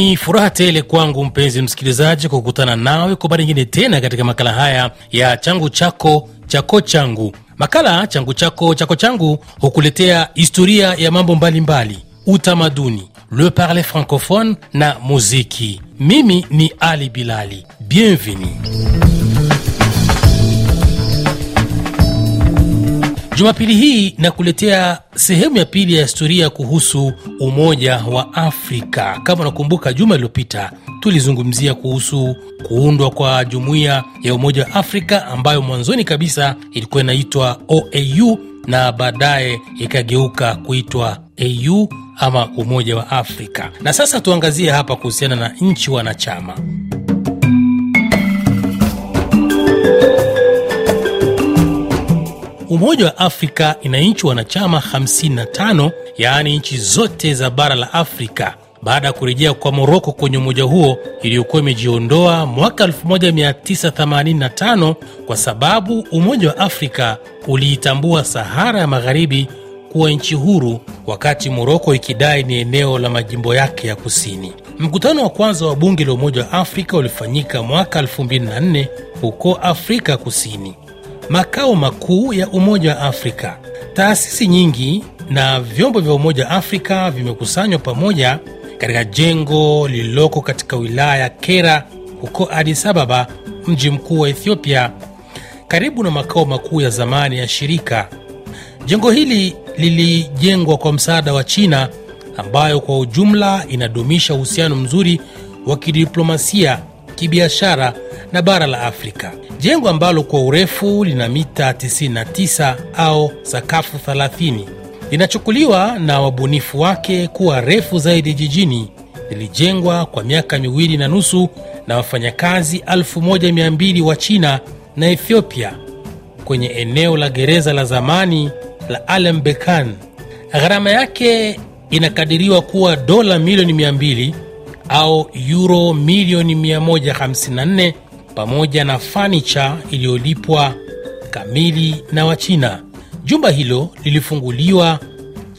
Ni furaha tele kwangu mpenzi msikilizaji, kukutana nawe kwa mara nyingine tena katika makala haya ya changu chako chako changu. Makala changu chako chako changu hukuletea historia ya mambo mbalimbali mbali, utamaduni, le parle francophone na muziki. Mimi ni Ali Bilali, bienvenue. Jumapili hii nakuletea sehemu ya pili ya historia kuhusu Umoja wa Afrika. Kama unakumbuka, juma iliyopita tulizungumzia kuhusu kuundwa kwa Jumuiya ya Umoja wa Afrika ambayo mwanzoni kabisa ilikuwa inaitwa OAU na baadaye ikageuka kuitwa AU ama Umoja wa Afrika. Na sasa tuangazie hapa kuhusiana na nchi wanachama. Umoja wa Afrika ina nchi wanachama 55 yaani nchi zote za bara la Afrika baada ya kurejea kwa Moroko kwenye umoja huo iliyokuwa imejiondoa mwaka 1985 kwa sababu Umoja wa Afrika uliitambua Sahara ya Magharibi kuwa nchi huru, wakati Moroko ikidai ni eneo la majimbo yake ya kusini. Mkutano wa kwanza wa bunge la Umoja wa Afrika ulifanyika mwaka 24 huko Afrika Kusini makao makuu ya Umoja wa Afrika. Taasisi nyingi na vyombo vya Umoja wa Afrika vimekusanywa pamoja katika jengo lililoko katika wilaya ya Kera huko Addis Ababa, mji mkuu wa Ethiopia, karibu na makao makuu ya zamani ya shirika. Jengo hili lilijengwa kwa msaada wa China, ambayo kwa ujumla inadumisha uhusiano mzuri wa kidiplomasia, kibiashara na bara la Afrika, jengo ambalo kwa urefu lina mita 99 au sakafu 30 linachukuliwa na wabunifu wake kuwa refu zaidi jijini. Lilijengwa kwa miaka miwili na nusu na wafanyakazi 1200 wa China na Ethiopia kwenye eneo la gereza la zamani la Alembekan. Gharama yake inakadiriwa kuwa dola milioni 200 au euro milioni 154 pamoja na fanicha iliyolipwa kamili na Wachina. Jumba hilo lilifunguliwa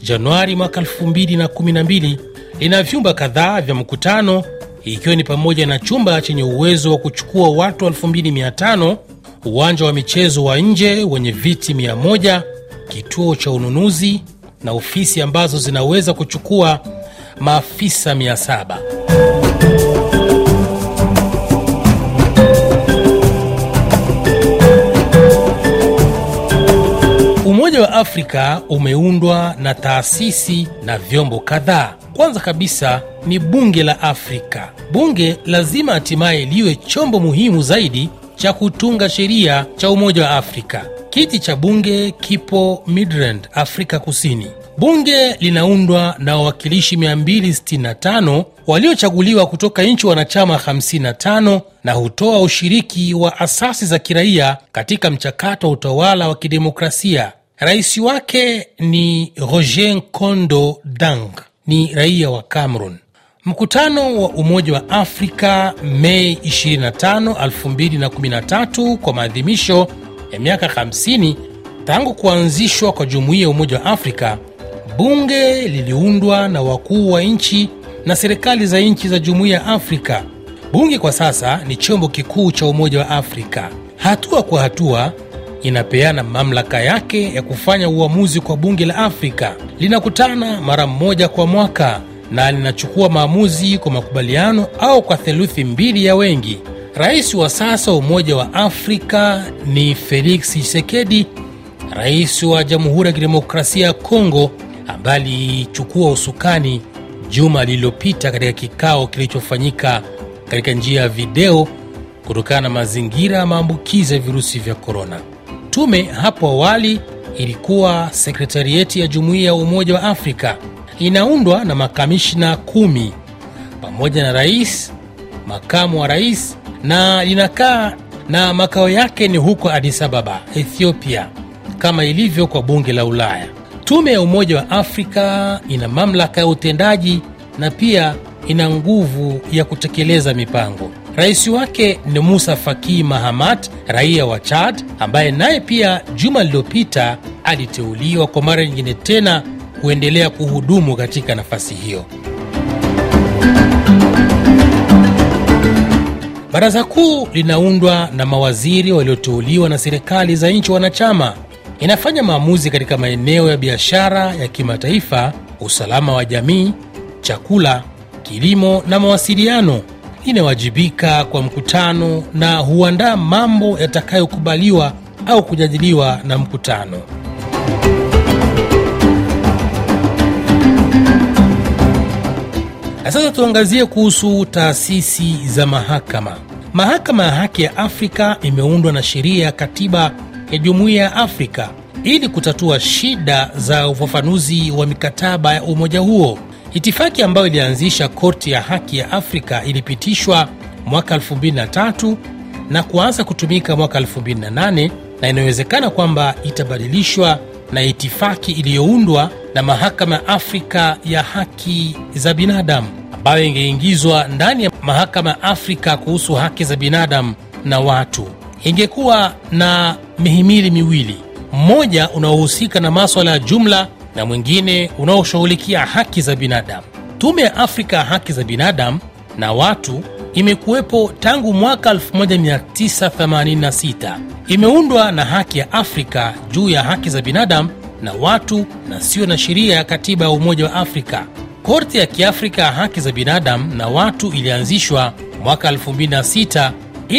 Januari mwaka 2012. Lina vyumba kadhaa vya mkutano ikiwa ni pamoja na chumba chenye uwezo wa kuchukua watu 2500, uwanja wa michezo wa nje wenye viti 100, kituo cha ununuzi na ofisi ambazo zinaweza kuchukua maafisa 700. wa Afrika umeundwa na taasisi na vyombo kadhaa. Kwanza kabisa ni bunge la Afrika. Bunge lazima hatimaye liwe chombo muhimu zaidi cha kutunga sheria cha Umoja wa Afrika. Kiti cha bunge kipo Midrand, Afrika Kusini. Bunge linaundwa na wawakilishi 265 waliochaguliwa kutoka nchi wanachama 55 na hutoa ushiriki wa asasi za kiraia katika mchakato wa utawala wa kidemokrasia. Rais wake ni Roger condo Dang, ni raia wa Cameroon. Mkutano wa Umoja wa Afrika Mei 25, 2013 kwa maadhimisho ya miaka 50 tangu kuanzishwa kwa Jumuiya ya Umoja wa Afrika, bunge liliundwa na wakuu wa nchi na serikali za nchi za Jumuiya ya Afrika. Bunge kwa sasa ni chombo kikuu cha Umoja wa Afrika. Hatua kwa hatua inapeana mamlaka yake ya kufanya uamuzi kwa bunge la Afrika. Linakutana mara mmoja kwa mwaka na linachukua maamuzi kwa makubaliano au kwa theluthi mbili ya wengi. Rais wa sasa Umoja wa Afrika ni Felix Tshisekedi, rais wa Jamhuri ya Kidemokrasia ya Kongo ambaye alichukua usukani juma lililopita katika kikao kilichofanyika katika njia ya video kutokana na mazingira ya maambukizi ya virusi vya korona. Tume hapo awali ilikuwa sekretarieti ya Jumuiya ya Umoja wa Afrika, inaundwa na makamishna kumi pamoja na rais, makamu wa rais na linakaa na makao yake ni huko Addis Ababa, Ethiopia, kama ilivyo kwa bunge la Ulaya. Tume ya Umoja wa Afrika ina mamlaka ya utendaji na pia ina nguvu ya kutekeleza mipango. Rais wake ni Musa Faki Mahamat, raia wa Chad, ambaye naye pia juma lililopita aliteuliwa kwa mara nyingine tena kuendelea kuhudumu katika nafasi hiyo. Baraza kuu linaundwa na mawaziri walioteuliwa na serikali za nchi wanachama. Inafanya maamuzi katika maeneo ya biashara ya kimataifa, usalama wa jamii, chakula, kilimo na mawasiliano inawajibika kwa mkutano na huandaa mambo yatakayokubaliwa au kujadiliwa na mkutano. Na sasa tuangazie kuhusu taasisi za mahakama. Mahakama ya Haki ya Afrika imeundwa na sheria ya katiba ya Jumuiya ya Afrika ili kutatua shida za ufafanuzi wa mikataba ya umoja huo. Itifaki ambayo ilianzisha Korti ya Haki ya Afrika ilipitishwa mwaka 2003 na kuanza kutumika mwaka 2008 na inawezekana kwamba itabadilishwa na itifaki iliyoundwa na Mahakama ya Afrika ya Haki za Binadamu ambayo ingeingizwa ndani ya Mahakama ya Afrika kuhusu haki za binadamu na watu. Ingekuwa na mihimili miwili, mmoja unaohusika na maswala ya jumla na mwingine unaoshughulikia haki za binadamu. Tume ya Afrika ya Haki za Binadamu na Watu imekuwepo tangu mwaka 1986. Imeundwa na Haki ya Afrika juu ya haki za binadamu na watu na sio na sheria ya katiba ya Umoja wa Afrika. Korti ya Kiafrika ya Haki za Binadamu na Watu ilianzishwa mwaka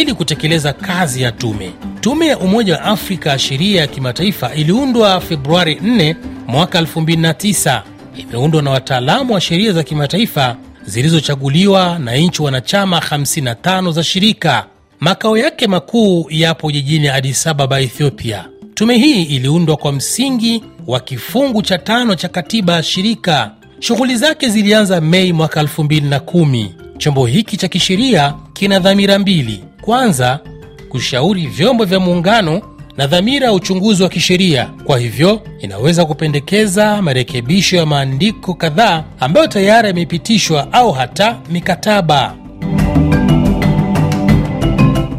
ili kutekeleza kazi ya tume. Tume ya Umoja wa Afrika ya Sheria ya Kimataifa iliundwa Februari 4 mwaka 2009. Imeundwa na wataalamu wa sheria za kimataifa zilizochaguliwa na nchi wanachama 55 za shirika. Makao yake makuu yapo jijini Addis Ababa, Ethiopia. Tume hii iliundwa kwa msingi wa kifungu cha tano cha katiba ya shirika. Shughuli zake zilianza Mei mwaka 2010. Chombo hiki cha kisheria kina dhamira mbili kwanza kushauri vyombo vya muungano na dhamira ya uchunguzi wa kisheria. Kwa hivyo inaweza kupendekeza marekebisho ya maandiko kadhaa ambayo tayari yamepitishwa au hata mikataba.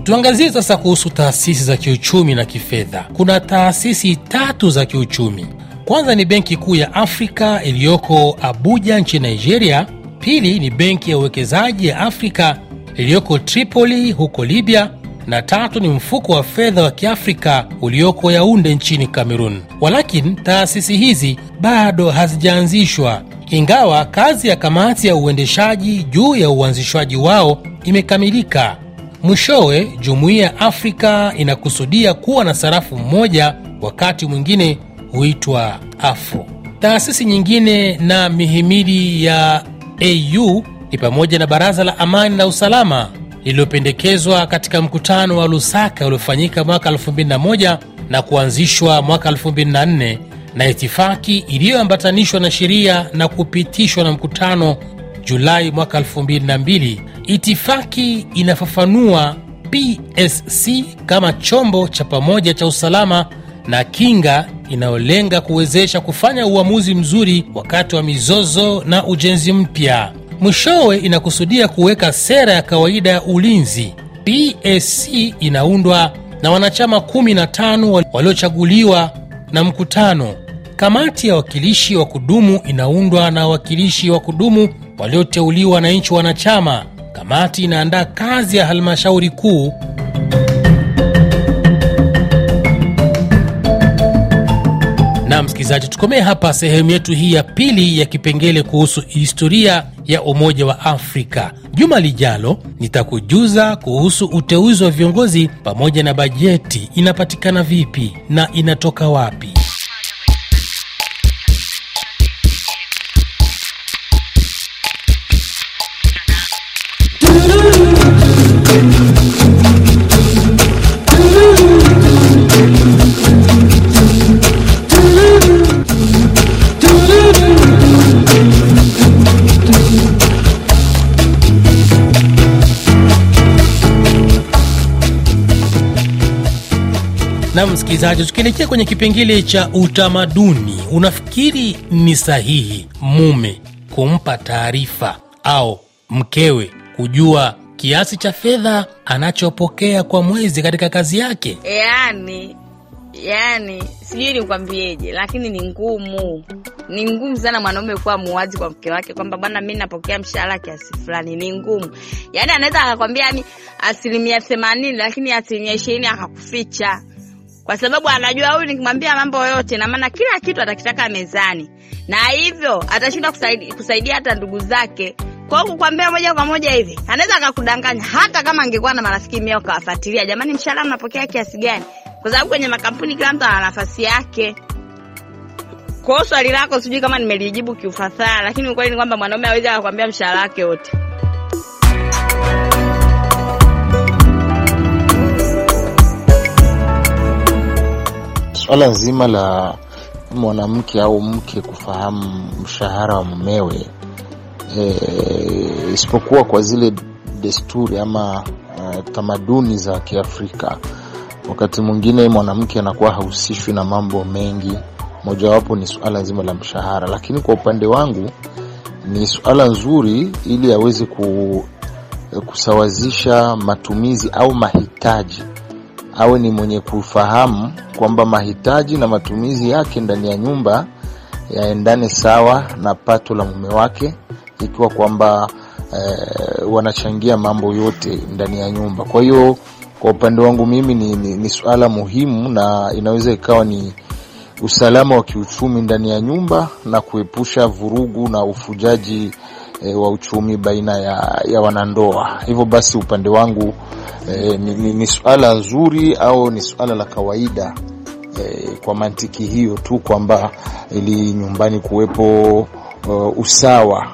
Tuangazie sasa kuhusu taasisi za kiuchumi na kifedha. Kuna taasisi tatu za kiuchumi. Kwanza ni Benki Kuu ya Afrika iliyoko Abuja nchini Nigeria. Pili ni Benki ya Uwekezaji ya Afrika iliyoko Tripoli huko Libya, na tatu ni mfuko wa fedha wa kiafrika ulioko Yaunde nchini Kamerun. Walakini, taasisi hizi bado hazijaanzishwa, ingawa kazi ya kamati ya uendeshaji juu ya uanzishwaji wao imekamilika. Mwishowe, jumuiya ya Afrika inakusudia kuwa na sarafu mmoja, wakati mwingine huitwa afro. Taasisi nyingine na mihimili ya AU ni pamoja na baraza la amani na usalama lililopendekezwa katika mkutano wa Lusaka uliofanyika mwaka 21 na kuanzishwa mwaka 24 na itifaki iliyoambatanishwa na sheria na kupitishwa na mkutano Julai mwaka 22 Itifaki inafafanua PSC kama chombo cha pamoja cha usalama na kinga inayolenga kuwezesha kufanya uamuzi mzuri wakati wa mizozo na ujenzi mpya. Mwishowe inakusudia kuweka sera ya kawaida ya ulinzi. PSC inaundwa na wanachama 15 waliochaguliwa na mkutano. Kamati ya wakilishi wa kudumu inaundwa na wawakilishi wa kudumu walioteuliwa na nchi wanachama. Kamati inaandaa kazi ya halmashauri kuu. Na msikilizaji, tukomee hapa sehemu yetu hii ya pili ya kipengele kuhusu historia ya Umoja wa Afrika. Juma lijalo nitakujuza kuhusu uteuzi wa viongozi pamoja na bajeti inapatikana vipi na inatoka wapi. nam msikilizaji, tukielekea kwenye kipengele cha utamaduni, unafikiri ni sahihi mume kumpa taarifa au mkewe kujua kiasi cha fedha anachopokea kwa mwezi katika kazi yake? Yani, yani sijui nikwambieje, lakini ni ngumu, ni ngumu sana mwanaume kuwa muwazi kwa mke wake kwamba bwana, mi napokea mshahara kiasi fulani. Ni ngumu, yani anaweza akakwambia ni yaani asilimia themanini, lakini asilimia ishirini akakuficha kwa sababu anajua huyu nikimwambia mambo yote, na maana kila kitu atakitaka mezani, na hivyo atashindwa kusaidia, kusaidia hata ndugu zake. Kwa hiyo kukwambia moja kwa moja hivi, anaweza akakudanganya. Hata kama angekuwa na marafiki mia ukawafuatilia, jamani, mshahara mnapokea kiasi gani? Kwa sababu kwenye makampuni kila mtu ana nafasi yake. Kwa swali lako sijui kama nimelijibu kiufasaha, lakini ukweli ni kwamba mwanaume awezi akakwambia mshahara wake wote. swala nzima la mwanamke au mke kufahamu mshahara wa mumewe e, isipokuwa kwa zile desturi ama uh, tamaduni za Kiafrika, wakati mwingine mwanamke anakuwa hahusishwi na mambo mengi, mojawapo ni suala nzima la mshahara. Lakini kwa upande wangu ni suala nzuri, ili aweze ku, eh, kusawazisha matumizi au mahitaji awe ni mwenye kufahamu kwamba mahitaji na matumizi yake ndani ya nyumba yaendane sawa na pato la mume wake, ikiwa kwamba eh, wanachangia mambo yote ndani ya nyumba. Kwa hiyo kwa upande wangu mimi ni, ni, ni suala muhimu na inaweza ikawa ni usalama wa kiuchumi ndani ya nyumba na kuepusha vurugu na ufujaji e, wa uchumi baina ya, ya wanandoa. Hivyo basi upande wangu e, ni, ni, ni suala zuri au ni suala la kawaida e, kwa mantiki hiyo tu kwamba ili nyumbani kuwepo uh, usawa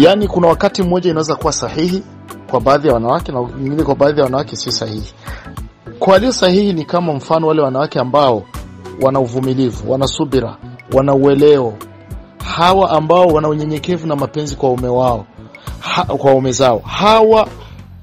Yaani, kuna wakati mmoja inaweza kuwa sahihi kwa baadhi ya wanawake na nyingine kwa baadhi ya wanawake sio sahihi. Kwa walio sahihi ni kama mfano wale wanawake ambao wana uvumilivu, wana subira, wana ueleo, hawa ambao wana unyenyekevu na mapenzi kwa ume wao ha, kwa ume zao, hawa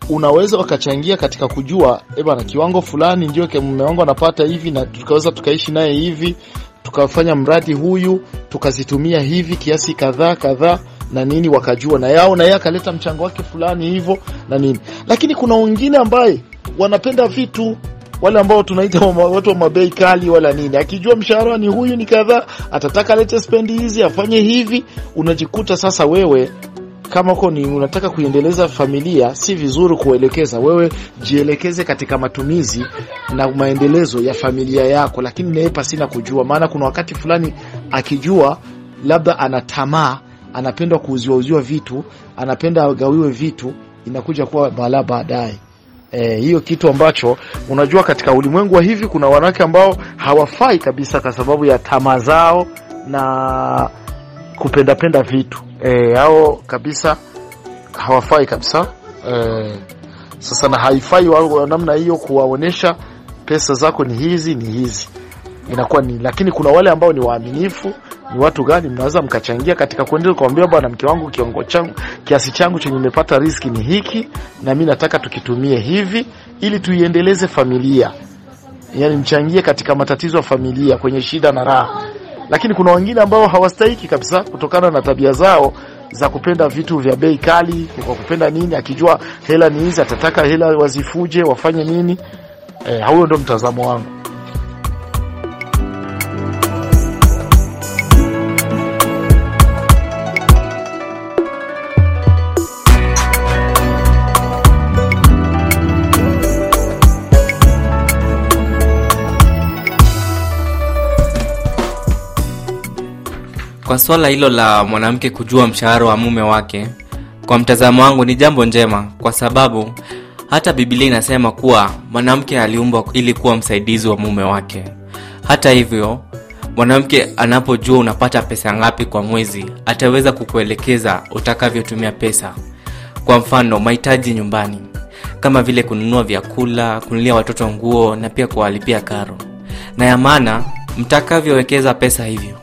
unaweza wakachangia katika kujua ebana, eh kiwango fulani ndio mume wangu anapata hivi, na tukaweza tukaishi naye hivi, tukafanya mradi huyu, tukazitumia hivi kiasi kadhaa kadhaa na nini, wakajua na yao, na yeye akaleta mchango wake fulani hivyo na nini. Lakini kuna wengine ambaye wanapenda vitu wale ambao tunaita watu wa mabei kali wala nini, akijua mshahara ni huyu ni kadhaa, atataka lete spendi hizi afanye hivi. Unajikuta sasa wewe kama uko ni unataka kuendeleza familia, si vizuri kuelekeza wewe. Jielekeze katika matumizi na maendelezo ya familia yako, lakini naye pasina kujua, maana kuna wakati fulani akijua labda anatamaa anapenda kuuziwa uziwa vitu, anapenda agawiwe vitu, inakuja kuwa balaa baadaye. E, hiyo kitu ambacho unajua katika ulimwengu wa hivi kuna wanawake ambao hawafai kabisa kwa sababu ya tamaa zao na kupendapenda vitu e, hao kabisa hawafai kabisa e. Sasa na haifai wa namna hiyo kuwaonesha pesa zako ni hizi ni hizi, inakuwa ni, lakini kuna wale ambao ni waaminifu ni watu gani mnaweza mkachangia katika kuendelea kuambia, bwana, mke wangu, kiongo changu, kiasi changu chenye nimepata riski ni hiki, na mimi nataka tukitumie hivi ili tuiendeleze familia. Yani mchangie katika matatizo ya familia, kwenye shida na raha. Lakini kuna wengine ambao hawastahiki kabisa kutokana na tabia zao za kupenda vitu vya bei kali, kwa kupenda nini, akijua hela ni hizi atataka hela wazifuje, wafanye nini. Eh, huyo ndo mtazamo wangu. Kwa swala hilo la mwanamke kujua mshahara wa mume wake, kwa mtazamo wangu ni jambo njema, kwa sababu hata Biblia inasema kuwa mwanamke aliumbwa ili kuwa msaidizi wa mume wake. Hata hivyo, mwanamke anapojua unapata pesa ngapi kwa mwezi, ataweza kukuelekeza utakavyotumia pesa. Kwa mfano, mahitaji nyumbani kama vile kununua vyakula, kunulia watoto nguo na pia kuwalipia karo, na ya maana mtakavyowekeza pesa hivyo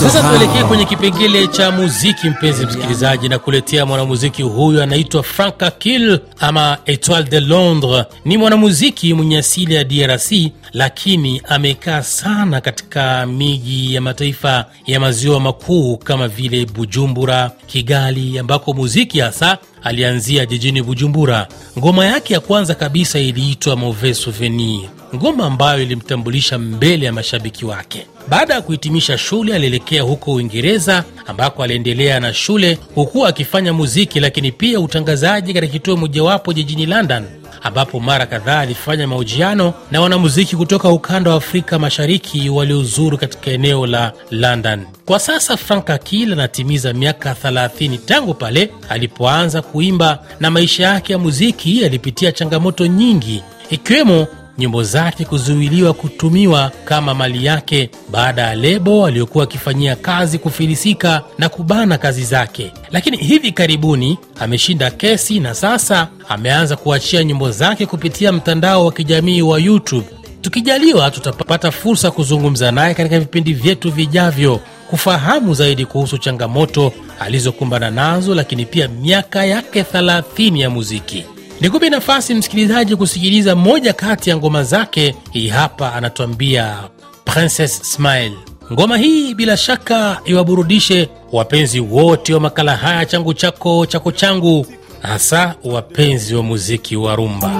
Sasa tuelekee kwenye kipengele cha muziki, mpenzi eh msikilizaji, na kuletea mwanamuziki huyu anaitwa Frank Akil ama Etoile de Londres. Ni mwanamuziki mwenye asili ya DRC, lakini amekaa sana katika miji ya mataifa ya maziwa makuu kama vile Bujumbura, Kigali, ambako muziki hasa alianzia jijini Bujumbura. Ngoma yake ya kwanza kabisa iliitwa Mauvais Souvenir ngoma ambayo ilimtambulisha mbele ya mashabiki wake. Baada ya kuhitimisha shule, alielekea huko Uingereza ambako aliendelea na shule hukuwa akifanya muziki, lakini pia utangazaji katika kituo mojawapo jijini London, ambapo mara kadhaa alifanya mahojiano na wanamuziki kutoka ukanda wa Afrika Mashariki waliozuru katika eneo la London. Kwa sasa Frank Akil anatimiza miaka 30 tangu pale alipoanza kuimba, na maisha yake ya muziki yalipitia changamoto nyingi ikiwemo nyimbo zake kuzuiliwa kutumiwa kama mali yake baada ya lebo aliyokuwa akifanyia kazi kufilisika na kubana kazi zake. Lakini hivi karibuni ameshinda kesi na sasa ameanza kuachia nyimbo zake kupitia mtandao wa kijamii wa YouTube. Tukijaliwa tutapata fursa kuzungumza naye katika vipindi vyetu vijavyo kufahamu zaidi kuhusu changamoto alizokumbana nazo, lakini pia miaka yake 30 ya muziki. Nikupe nafasi msikilizaji kusikiliza moja kati ya ngoma zake. Hii hapa anatuambia Princess Smile. Ngoma hii bila shaka iwaburudishe wapenzi wote wa makala haya changu chako chako changu, hasa wapenzi wa muziki wa rumba.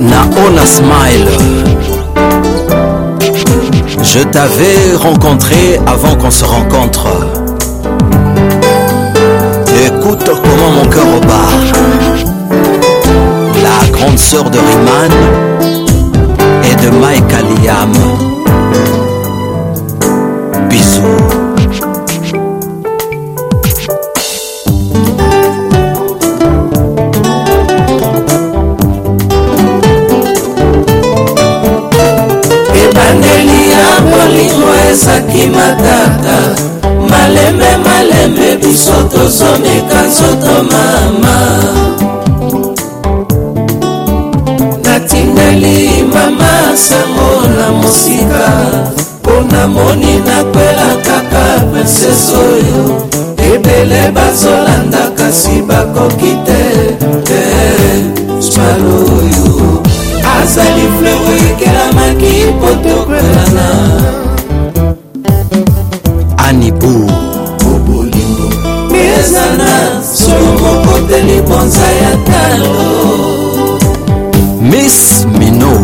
Naona Smile, je t'avais rencontré avant qu'on se rencontre Écoute comment mon cœur repart. La grande sœur de Riemann et de Mike Aliam. tosomeka nzoto mama natindeli mama sango na mosika mpo namoni nakwela kaka prinsese oyo ebele bazolanda kasi bakoki te te smal oyo azali fleurikelamaki mpo tokwelana mokonza ya talo miss mino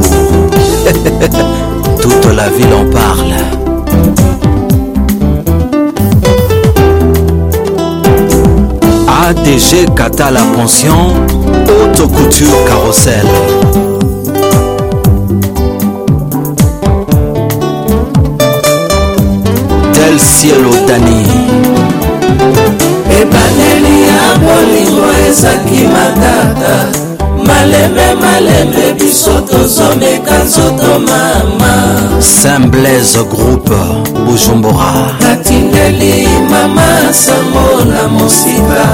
toute la ville en parle ADG Kata la pension haute couture carrousel Del cielo Dani Ebané bolingo ezaki matata malembe malembe biso tozomeka nzoto mama saint blaise groupe bujumbura natindeli mama sango na mosika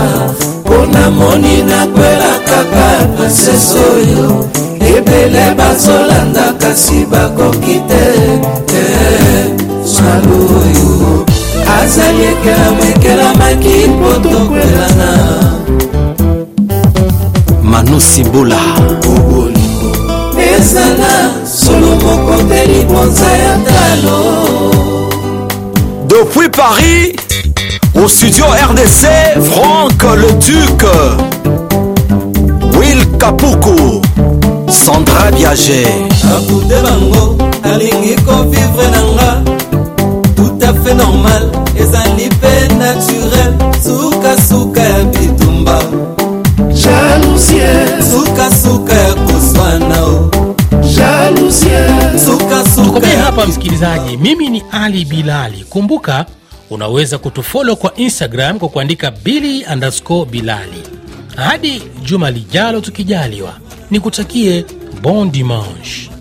mpo namoni nakwela kaka prinsese oyo ebele bazolandaka si bakoki te te eh, malu oyo azali ekelamo ekelamaki mpo tokwelana manu simbola oboli ezala solo moko te libonza ya talo depuis paris au studio rdc franck le duc will kapuku sandra biage apute bango alingi kovivre na nga tout à fait normal naturel sukasuka ya bitumba jalousie sukasuka ya kuswanao tukomee hapa msikilizaji mimi ni ali bilali kumbuka unaweza kutufolo kwa instagram kwa kuandika bili andasco bilali hadi juma lijalo tukijaliwa nikutakie bon dimanche